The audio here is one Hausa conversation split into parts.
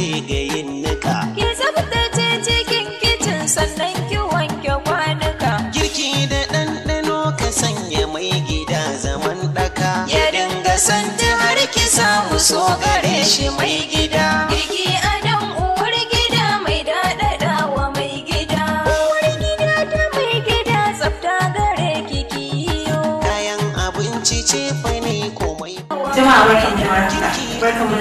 je ga yin nika. Ki tsaftace cikin kicin sannan ki wanke kwanuka. Girki da ɗanɗano ka sanya mai gida zaman ɗaka. Ya dinga santi har ki samu so gare shi mai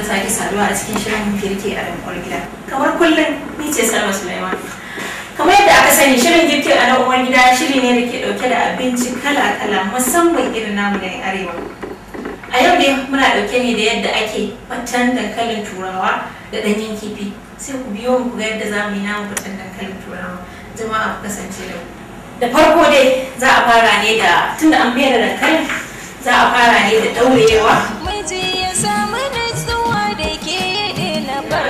sake saduwa a cikin shirin girki a ɗan gida kamar kullum ni ce salma sulaiman kamar yadda aka sani shirin girki a ɗan gida shiri ne da ke dauke da abinci kala kala musamman irin namu da arewa a yau dai muna dauke ne da yadda ake fatan dankalin turawa da ɗanyen kifi sai ku biyo mu ga yadda za mu yi namu fatan dankalin turawa jama'a ku kasance da da farko dai za a fara ne da tunda an bayar da dankalin za a fara ne da ɗaurewa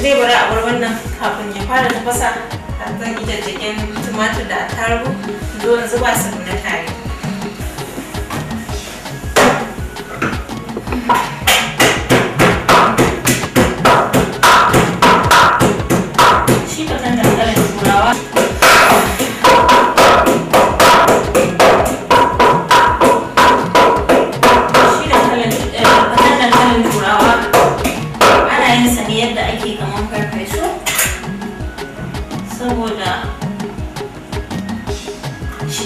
yanzu dai bari a bar wannan kafin ya fara tafasa har zan yi jajjagen tumatir da attarugu don zuba su na tare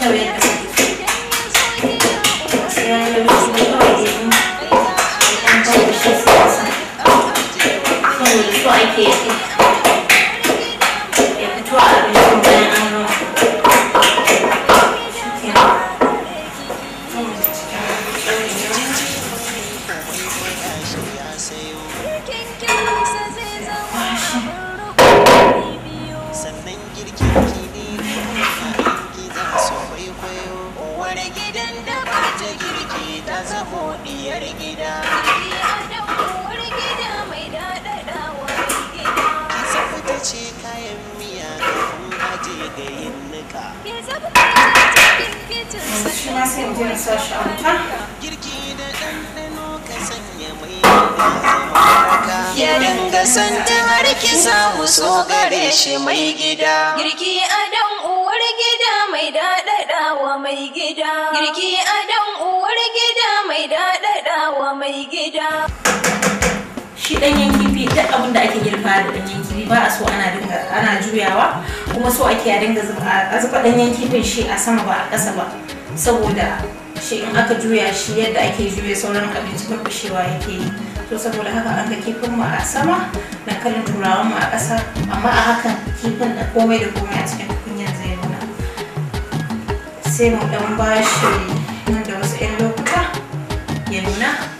特别。da sandan harki samu so gare shi mai gida girki a dan uwar gida mai daɗaɗa wa mai gida girki a dan uwar gida mai daɗaɗa wa mai gida shi ɗanyen kifi duk abin da ake girka da ɗanyen kifi ba a so ana dinga ana juyawa kuma so ake a dinga zuba ɗanyen kifin shi a sama ba a ƙasa ba saboda shi in aka juya shi yadda ake juya sauran abinci farfashewa yake yi to saboda haka an ga kifin mu a sama na kallon turawan mu a ƙasa amma a hakan kifin da komai da komai a cikin tukunyar zai nuna sai mu ba shi nan da wasu 'yan lokuta ya nuna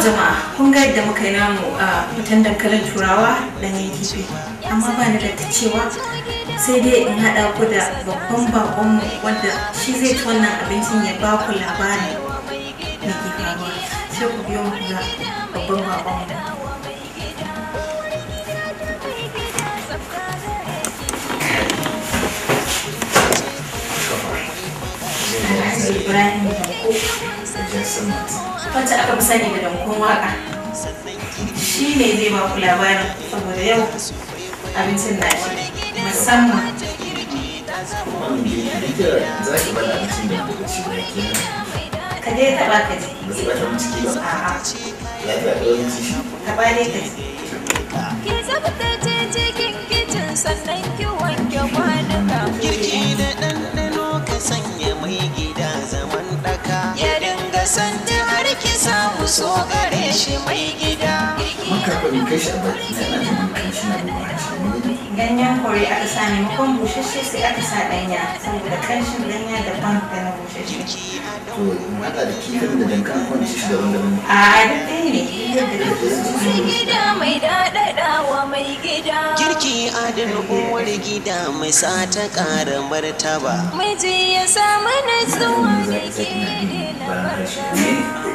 jama'a kun ga yadda muka yi namu a fitan dankalin turawa da ne amma ba ni da cewa sai dai in haɗa ku da babban bakonmu wanda shi zai ci wannan abincin ya ba ku labari na ke faruwa sai ku biyo mu da babban bakonmu Ibrahim wacce aka fi sani da dankon waka shi ne zai ba ku labarin saboda yau abincin na shi musamman ka je taɓa ka ji dai ka ji ki tsabtace cikin kicin sannan ki wanke kwanuka girki da ɗanɗan so gare shi mai gida maka kudin kai shi a baki na jin wani shi na ruwa a cikin ganyen kore aka sa makon bushashe sai aka sa ɗanya, saboda kanshin danya da na bushashe to mata da kifin da dankan kwan shi daban-daban a duk ne mai gida mai daɗaɗawa mai gida girki adin uwar gida mai sa ta ƙara martaba ya samu da ke da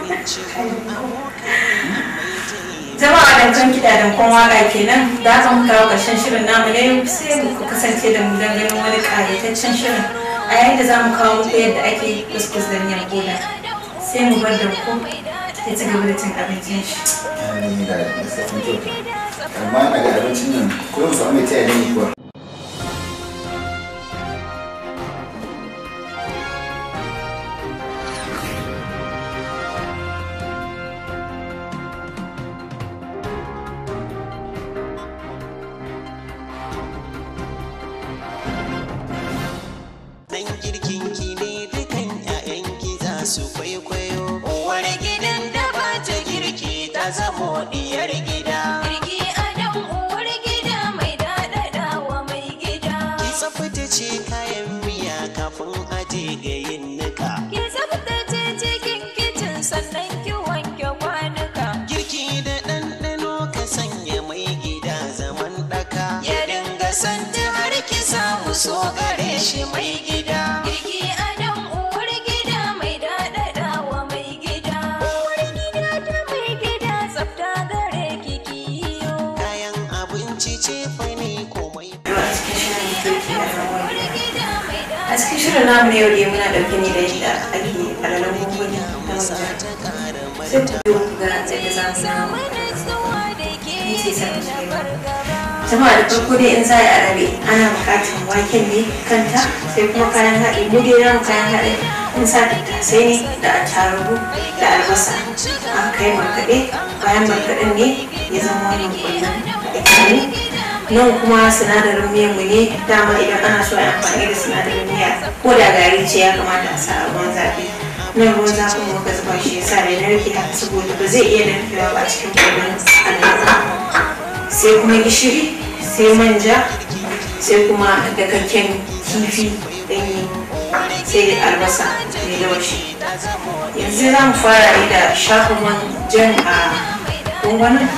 jama'a da kan kiɗa da kwan waka kenan da za muka kawo ƙarshen shirin namu ne sai ku kasance da mu don ganin wani ƙayataccen shirin a yayin da za mu kawo muku yadda ake kuskus da miyan koda sai mu bar da ku ya ci gaba da cin abincin shi. amma ana ga abincin nan ko mu samu mai taya ne kuwa. shirin namu na yau da muna ɗauke ne da yadda ake alalan gungumi na mutane sai ku biyo ku ga yadda za mu samu ni eh, ce sa jama'a da farko dai in za a yi arabe ana buƙatar waken ne kanta sai kuma kayan haɗe mu dai namu kayan haɗe in sa tattasai ne da attarugu da albasa an kai markaɗe bayan markaɗen ne ya zama wani kullum da ne nan kuma sinadarin miyan mu ne dama idan ana so a amfani da sinadarin miya ko da gari ce ya kamata a sa a ruwan zafi nan ruwan zafin muka zuba shi ya sa na rike haka saboda ba zai iya narkewa ba a cikin kwallon alaza sai kuma gishiri sai manja sai kuma dakakken kifi ɗanyi sai albasa mai laushi yanzu za mu fara yi da shafa man jan a gungunan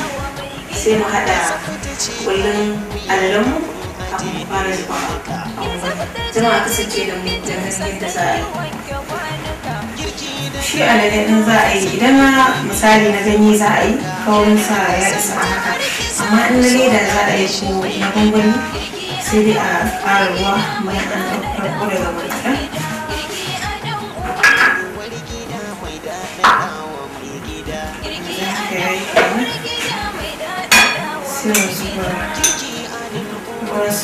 sai mu haɗa kullum alalanmu kafin mu fara zuba a zama a kasance da mu don hasken da za a yi shi alalen ɗin za a yi idan na misali na ganye za a yi kawai sa ya isa a haka amma in na leda za a yi ko na gwangwani sai dai a fara ruwa mai ɗan ɗaukar ƙura ga mai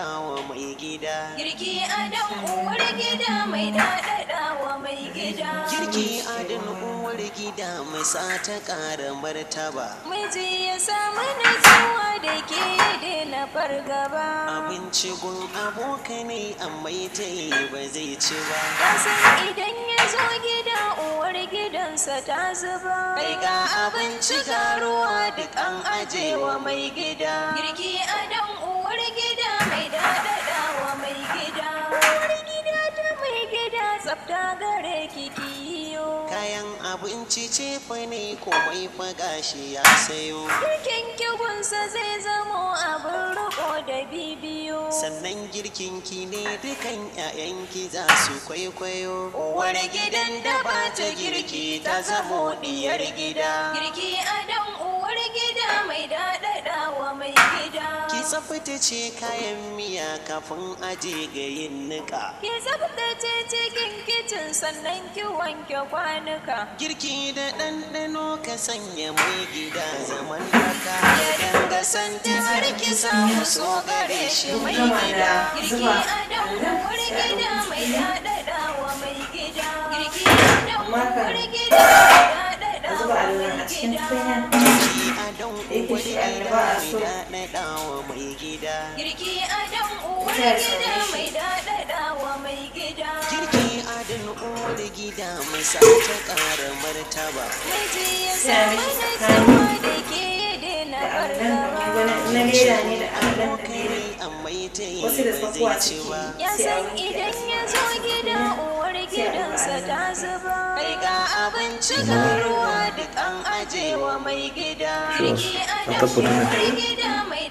dawa mai gida. Girki adon uwar gida mai wa mai gida. Girki adon uwar gida mai sa ta ƙara martaba. Miji ya samu nutsuwa da ke da na fargaba. Abinci gun abokanai amma ta yi ba zai ci ba. Kasan idan ya zo gida. uwar gidansa ta zuba kai ga abinci ga ruwa duk an aje wa mai gida girki a dan uwar gida mai dadada wa mai gida uwar gida ta mai gida tsafta gare kiki abinci ce fa ne komai fa gashi ya sayo girkin kibinsa zai zamo abin riko da bibiyo sannan girkin ki ne dukan 'ya'yanki za su kwaikwayo wani gidan da ba ta girki ta zamo diyar gida girki adam uwar gida mai daɗaɗa wa mai gida ki tsaftace kayan miya kafin aje ga yin niƙa ki tsaftace sannan ki wanke kwanuka. Girki da ɗanɗano ka sanya mai gida zaman daka. Ya dinga san har ki samu so gare shi mai gida. Girki a damuwar gida mai daɗaɗa wa mai gida. Girki a damuwar gida mai daɗaɗa wa mai gida. a so girki adam uwar gida mai wa mai gida sa kara martaba na lera ne da abin da ne wasu da ciki ya san idan ya zo gida uwar gidansa ta zuba kai ga abinci ga ruwa duk an mai gida riki a mai gida mai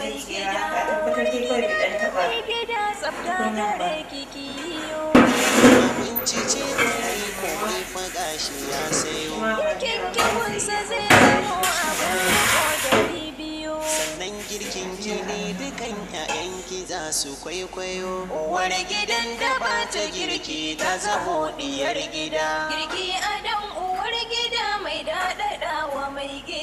mai gida mai gida tsafta da cici ne komai faɗa ya sayo kyakkyawansa zai zamo abin ko biyu sannan girkin ki dukan 'ya'yan za su kwaikwayo wani gidan da ba ta girki ta zamo diyar gida girki a dan uwar gida mai daɗaɗawa mai gida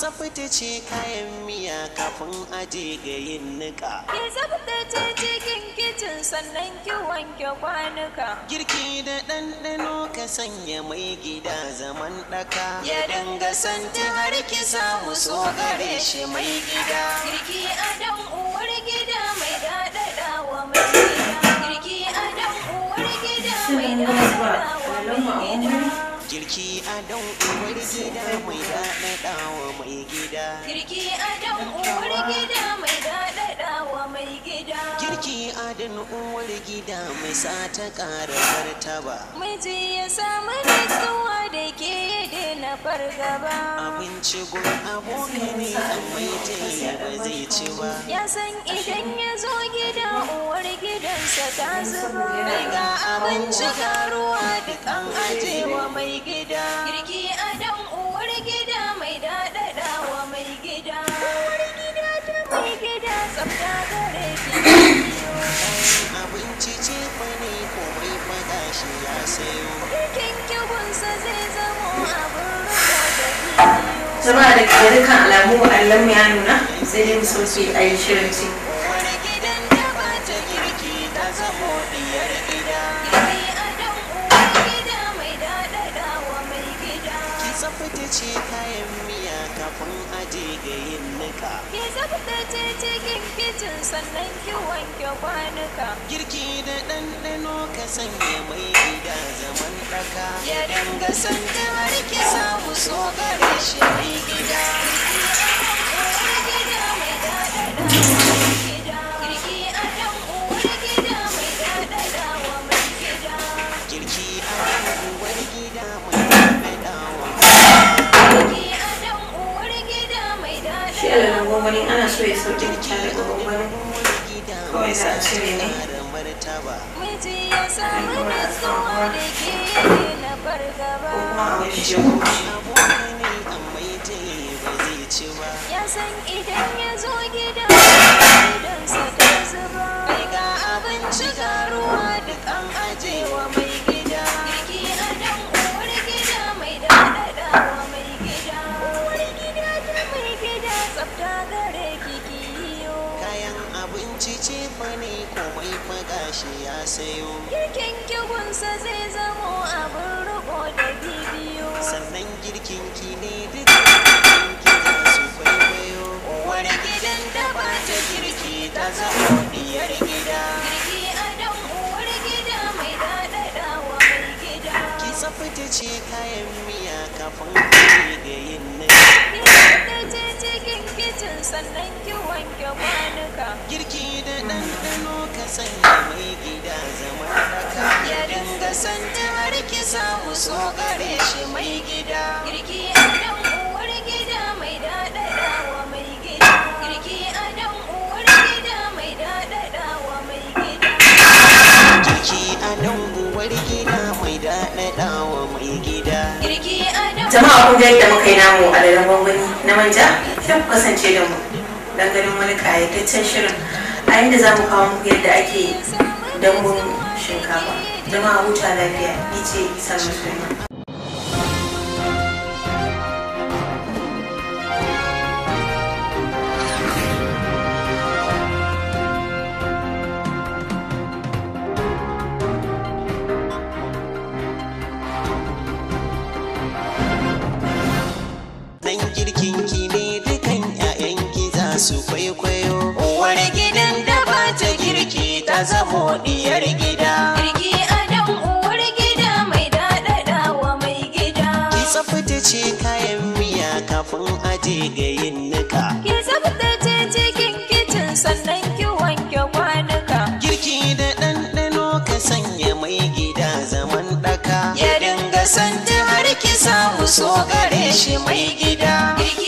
tsaftace kayan miya kafin aje ga yin nika. Ki tsaftace cikin kicin sannan ki wanke kwanuka. Girki da ɗanɗano ka sanya mai gida zaman ɗaka. Ya dinga ta har ki samu so gare shi mai gida. Girki a dan uwar gida mai daɗaɗa wa mai gida. Girki a dan uwar gida mai daɗaɗa wa mai gida. Kirki a dan uwar gida mai daɗaɗawa mai gida. Kirki a dan uwar gida mai kuɗin uwar gida mai sa ta ƙara martaba. Miji ya samu nutsuwa da ke da na fargaba. Abinci gun aboki ne amma ta ba zai ci ba. Ya san idan ya zo gida uwar gidansa ta zuba. Daga abinci karuwa ruwa duk an ajewa mai gida. Girki a mani komai faɗa shi ya sayo rikin kibinsa zai zamo abin da zama da ke dukkan alamu allon ya nuna sai dai mu sauke a yi shirin ci ce kayan miya kafin aje ga yin kwanuka ki da cikin kicin sannan ki wanke kwanuka girki da ɗanɗano ka sanya mai gida zaman ɗaka ya dinga san kamar ki samu so gare shi gida gwangwani ana so ya sauke fita daga gwangwani kawai za a cire ne Ya san idan ya zo gida shi ya sayo girkin kibinsa zai zamo abin riko da bidiyo sannan girkin ki ne duk ki su kwaikwayo wani gidan da ba ta girki ta zamo diyar gida girki adam uwar gida mai daɗaɗawa mai gida ki ce kayan miya kafin ki da yin cikin kicin sannan ki wanke kwanuka girki da ɗanɗano ka sanya mai gida zama daka ya dinga sanya warki ki samu so gare shi mai gida girki a dan uwar gida mai daɗaɗawa mai gida girki a dan uwar gida mai daɗaɗawa mai gida girki a dan uwar gida mai daɗaɗawa mai gida girki a dan jama'a kun ga yadda muka yi namu a lalan gwangwani na manja sai kasance da mu don ganin wani kayataccen shirin a yadda za mu kawo muku yadda ake dambun shinkafa jama'a huta lafiya ni ce salma su kwaikwayo uwar gidan da ba ta girki ta zamo diyar gida girki adam uwar gida mai daɗaɗa wa mai gida ki tsaftace kayan miya kafin aje ga yin nika ki tsaftace cikin kicin sannan ki wanke kwanuka girki da ɗanɗano ka sanya mai gida zaman ɗaka ya dinga santa har ki samu so gare shi mai gida girki